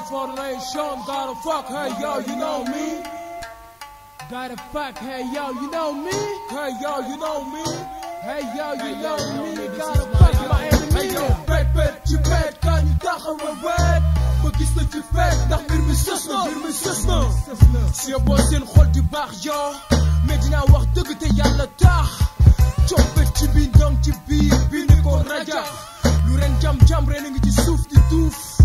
hoes for the lane, show them gotta fuck, hey yo, you know me. Gotta fuck, hey yo, you know me. Hey yo, you know me. Hey yo, you know me. Gotta fuck my enemy. Hey yo, bed, bed, je bed, kan je dag aan mijn bed. Verkies dat je vet, dag weer mijn zus nog, weer mijn zus nog. Zie je boos in, gooi die bag, yo. Medina wacht, dukken te jaren dag. Chop het, je bent dank, je bier, binnen kon raja. Luren jam jam, rennen, je soef, je doef.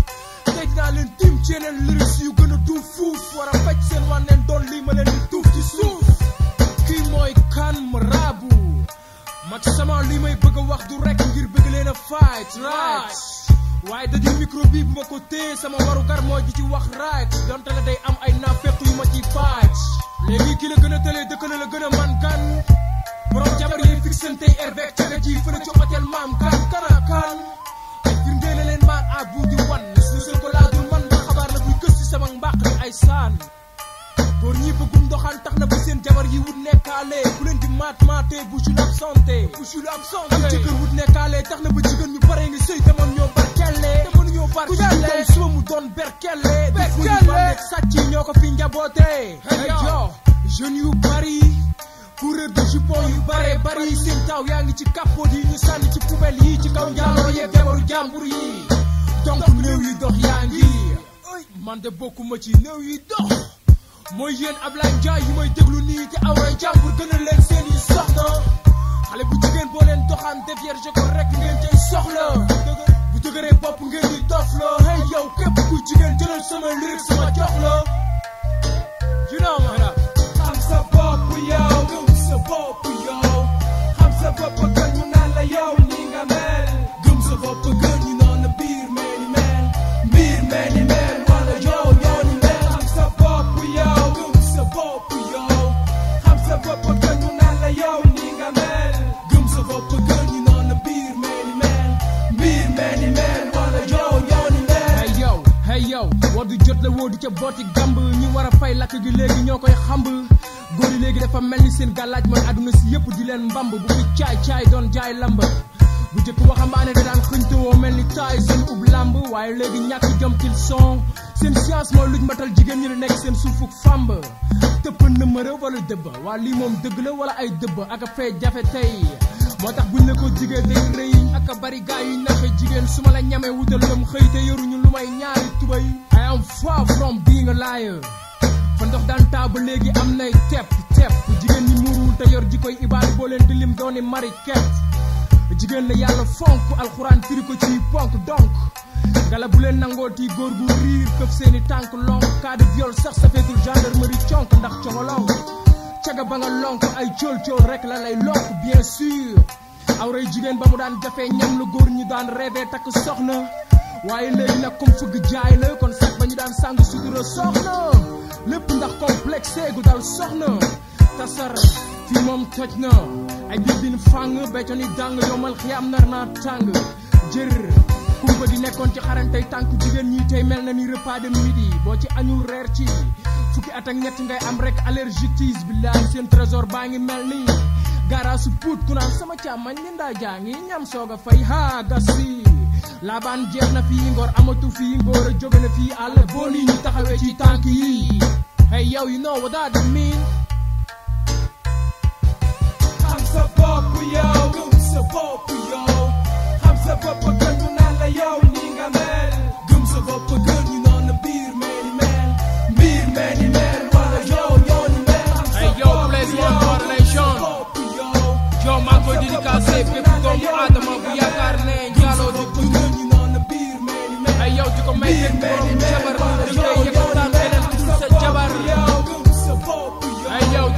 naa leen tim ci yeneen lyrics yu gën a duuf fuuf war a faj seen wànneen doon lii ma leen di ci suuf kii mooy kan ma raabu mag sama li may bëgg a wax du rek ngir bëgg leen a fight right waaye daje micro bi bu ma ko téye sama waru gar mooy ji ci wax right donte la day am ay naafeq yu ma ciy faaj léegi ki la gën a tëlee dëkk na la gën a man kan borom jabar yi fixantey ervec caga ji fële ci maam kan seen jabar yi wut nekkaale ku leen di maat maate bu jul absenté bu jul absenté am jëkkër wut nekkaale tax na ba jigéen ñu pare nga sëy demoon ñoo barkelle demoon ñoo barkelle ku suba mu doon berkelle berkelle ak sàcc yi ñoo ko fi njaboote hey yu bare bari seen taw yaa ngi ci capot yi ñu sànni ci poubelle yi ci kaw njaaloo yeeg jabaru jàmbur yi donc néew yi dox yaa ngi man bokkuma ci néew yi dox mooy yéen Ablaye Ndiaye yi mooy déglu nii te awray jàmbur gënal leen seen yi soxna xale bu jigéen boo leen doxaan dévierge ko rek ngeen cay soxla bu dëgëree bopp ngeen di dof la hey yow képp ku jigéen jëlal sama lyrics sama jox la you di jot la woo di ca booti gamb ñi war a fay lakk gi léegi ñoo koy xamb góor yi léegi dafa mel ni seen gàllaaj mooy àdduna si yëpp di leen mbamb bu fi caay caay doon jaay lamb bu jëkk waxambaane da daan xëñtewoo mel ni taay seen ub làmb waaye léegi ñàkk jom til son seen science mooy luñ matal jigéen ñi la nekk seen suufuk fàmb tëpp nëmëra wala dëbba waa lii moom dëgg la wala ay dëbba ak a fee jafe tey moo tax buñ la ko jigéen day rëy ak a bari gaa yu naxe jigéen su ma la ñamee wutal lam xëy te yoruñu lu may ñaari tubay I am far from being a liar fa ndox daan taa ba léegi am na tepp tepp jigéen ñi muuruwul te yor ji koy ibaal boo leen di lim dooni mari ket jigéen la yàlla fonk alxuraan firi ko ci ponk donc ngala bu leen nangooti góor gu riir këf seeni tànk lonk cas de viol sax safeetul gendarmerie conk ndax coxolong caga ba nga lonk ay cool cool rek la lay lonk bien sûr awray jigéen ba mu daan jafee ñam lu góor ñu daan rêvé takk soxna waaye léegi nag comme fëgg jaay la kon sax ba ñu daan sàng sutura soxna lépp ndax complexe gu dal soxna tasar fii moom toj na ay birbin fàng béycon yi dàng yomal xiyaam nar naa tàng jër kumba di nekkoon ci xarantey tànk jigéen ñi tey mel na ni repas de midi boo ci añul reer ci fukki at ak ñett ngay am rek allergique tiis billaay seen trésor baa ngi mel ni gara puut ku naan sama càmmañ li ndaa jaa ngi ñam soog a fay haa gas si laabaan jeex na fii ngor amatu fii ngóor a jóge na fii àll boo nii ñu taxawee ci tànk yi hey yow you know what that mean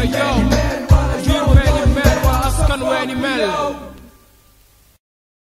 ay yow jiir weeni mel waa askan weeni mel